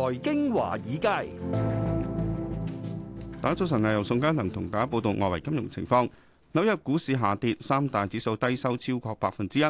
財經華爾街，大家早晨啊！由宋嘉良同大家報道外圍金融情況。紐約股市下跌，三大指數低收超過百分之一，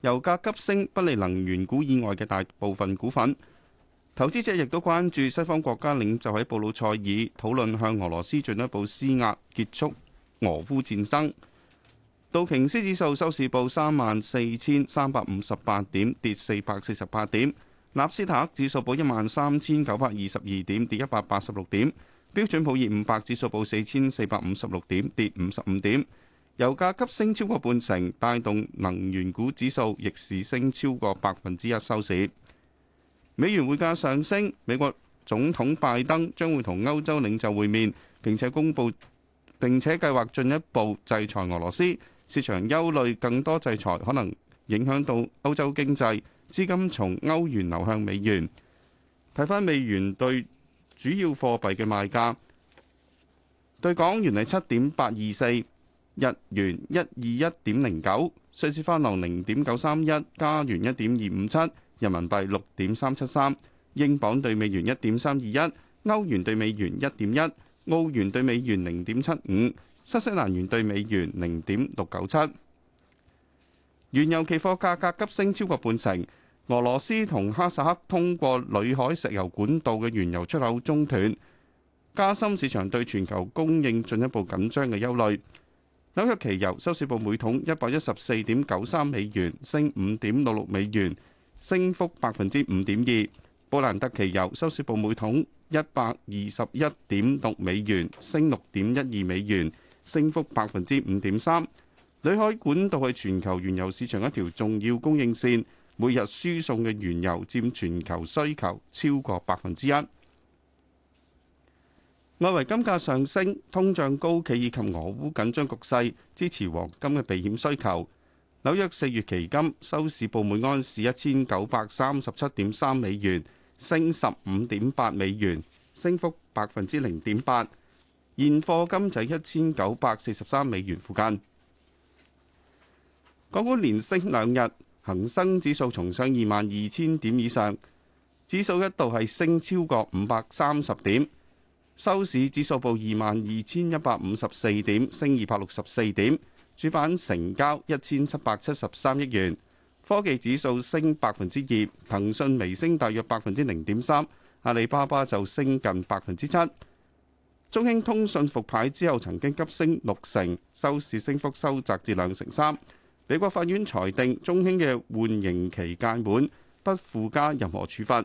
油價急升不利能源股以外嘅大部分股份。投資者亦都關注西方國家領袖喺布魯塞爾討論向俄羅斯進一步施壓，結束俄烏戰爭。道瓊斯指數收市報三萬四千三百五十八點，跌四百四十八點。納斯達克指數報一萬三千九百二十二點，跌一百八十六點。標準普爾五百指數報四千四百五十六點，跌五十五點。油價急升超過半成，帶動能源股指數逆市升超過百分之一收市。美元匯價上升，美國總統拜登將會同歐洲領袖會面，並且公布並且計劃進一步制裁俄羅斯。市場憂慮更多制裁可能影響到歐洲經濟。資金從歐元流向美元。睇翻美元對主要貨幣嘅賣價，對港元係七點八二四，日元一二一點零九，瑞士法郎零點九三一，加元一點二五七，人民幣六點三七三，英鎊對美元一點三二一，歐元對美元一點一，澳元對美元零點七五，新西蘭元對美元零點六九七。原油期貨價格急升超過半成。俄羅斯同哈薩克通過裏海石油管道嘅原油出口中斷，加深市場對全球供應進一步緊張嘅憂慮。紐約期油收市報每桶一百一十四點九三美元，升五點六六美元，升幅百分之五點二。布蘭特期油收市報每桶一百二十一點六美元，升六點一二美元升，升幅百分之五點三。裏海管道係全球原油市場一條重要供應線。每日輸送嘅原油佔全球需求超過百分之一。外圍金價上升，通脹高企以及俄烏緊張局勢支持黃金嘅避險需求。紐約四月期金收市報每盎司一千九百三十七點三美元，升十五點八美元，升幅百分之零點八。現貨金就一千九百四十三美元附近。港股連升兩日。恒生指數重上二萬二千點以上，指數一度係升超過五百三十點，收市指數報二萬二千一百五十四點，升二百六十四點。主板成交一千七百七十三億元，科技指數升百分之二，騰訊微升大約百分之零點三，阿里巴巴就升近百分之七。中興通訊復牌之後曾經急升六成，收市升幅收窄至兩成三。美國法院裁定中興嘅緩刑期屆滿，不附加任何處罰。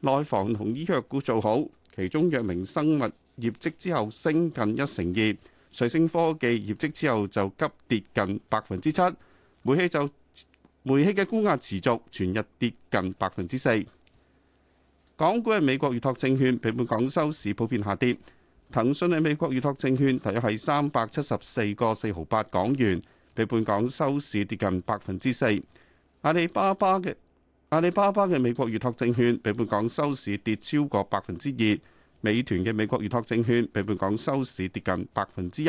內房同醫藥股做好，其中藥明生物業績之後升近一成二，瑞星科技業績之後就急跌近百分之七。煤氣就煤氣嘅沽壓持續，全日跌近百分之四。港股嘅美國預託證券比本港收市普遍下跌。騰訊喺美國預託證券大約係三百七十四個四毫八港元，比本港收市跌近百分之四，阿里巴巴嘅阿里巴巴嘅美國預託證券比本港收市跌超過百分之二，美團嘅美國預託證券比本港收市跌近百分之一，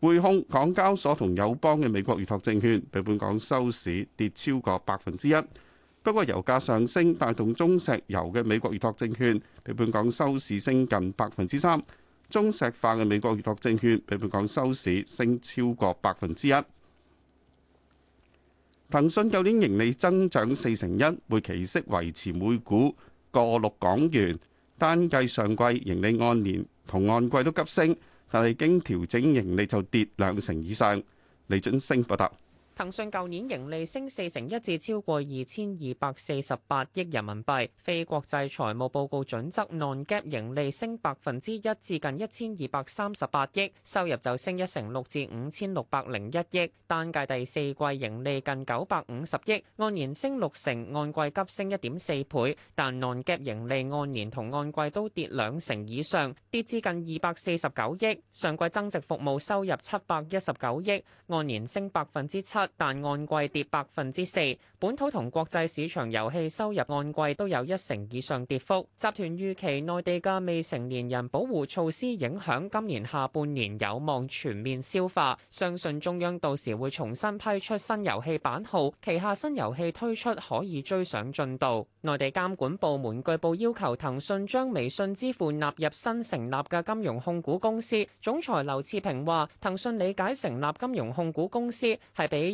匯控港交所同友邦嘅美國預託證券比本港收市跌超過百分之一，不過油價上升帶動中石油嘅美國預託證券比本港收市升近百分之三。中石化嘅美國預託證券比香港收市升超過百分之一。騰訊舊年盈利增長四成一，會期息維持每股個六港元。單計上季盈利按年同按季都急升，但係經調整盈利就跌兩成以上。李俊升報道。騰訊舊年盈利升四成一，至超過二千二百四十八億人民幣。非國際財務報告準則 Non-GAAP 盈利升百分之一，至近一千二百三十八億。收入就升一成六，至五千六百零一億。單屆第四季盈利近九百五十億，按年升六成，按季急升一點四倍。但 Non-GAAP 盈利按年同按季都跌兩成以上，跌至近二百四十九億。上季增值服務收入七百一十九億，按年升百分之七。但按季跌百分之四，本土同國際市場遊戲收入按季都有一成以上跌幅。集團預期內地嘅未成年人保護措施影響今年下半年有望全面消化，相信中央到時會重新批出新遊戲版號，旗下新遊戲推出可以追上進度。內地監管部門據報要求騰訊將微信支付納入新成立嘅金融控股公司，總裁劉熾平話騰訊理解成立金融控股公司係俾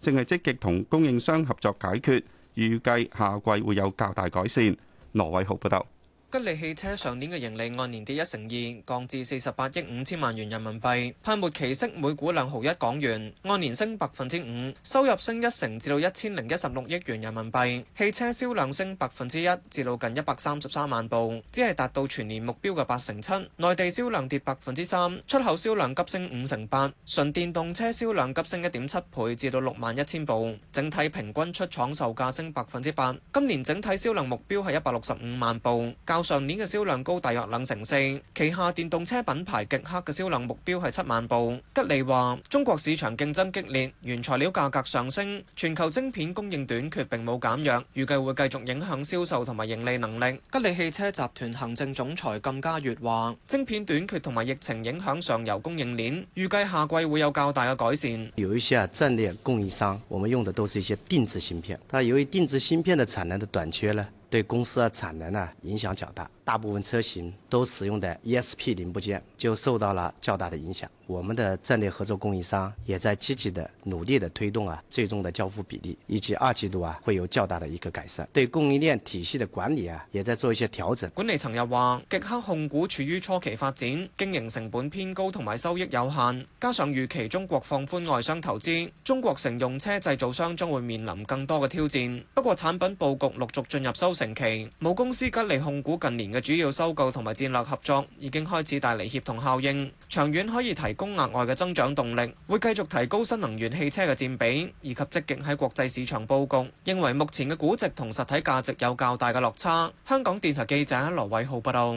正係積極同供應商合作解決，預計下季會有較大改善。羅偉豪報道。吉利汽車上年嘅盈利按年跌一成二，降至四十八億五千萬元人民幣，派末期息每股兩毫一港元，按年升百分之五，收入升一成，至到一千零一十六億元人民幣，汽車銷量升百分之一，至到近一百三十三萬部，只係達到全年目標嘅八成七，內地銷量跌百分之三，出口銷量急升五成八，純電動車銷量急升一點七倍，至到六萬一千部，整體平均出廠售價升百分之八，今年整體銷量目標係一百六十五萬部。到上年嘅銷量高大約兩成四，旗下電動車品牌極氪嘅銷量目標係七萬部。吉利話：中國市場競爭激烈，原材料價格上升，全球晶片供應短缺並冇減弱，預計會繼續影響銷售同埋盈利能力。吉利汽車集團行政總裁甘家悅話：晶片短缺同埋疫情影響上游供應鏈，預計夏季會有較大嘅改善。有一些啊，戰略供應商，我們用的都係一些定製芯片，但由於定製芯片的產能的短缺呢對公司的產能呢、啊、影響較大。大部分車型都使用的 ESP 零部件就受到了較大的影響。我們的戰略合作供應商也在積極的努力的推動啊，最終的交付比例以及二季度啊會有較大的一個改善。對供應鏈體系的管理啊也在做一些調整。管理層又話，極氪控股處於初期發展，經營成本偏高同埋收益有限，加上預期中國放寬外商投資，中國乘用車製造商將會面臨更多嘅挑戰。不過產品佈局陸續進入收成期，母公司吉利控股近年主要收購同埋戰略合作已經開始帶嚟協同效應，長遠可以提供額外嘅增長動力，會繼續提高新能源汽車嘅佔比，以及積極喺國際市場布局，認為目前嘅估值同實體價值有較大嘅落差。香港電台記者羅偉浩報道。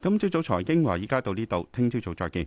今朝早財經華爾街，而家到呢度，聽朝早再見。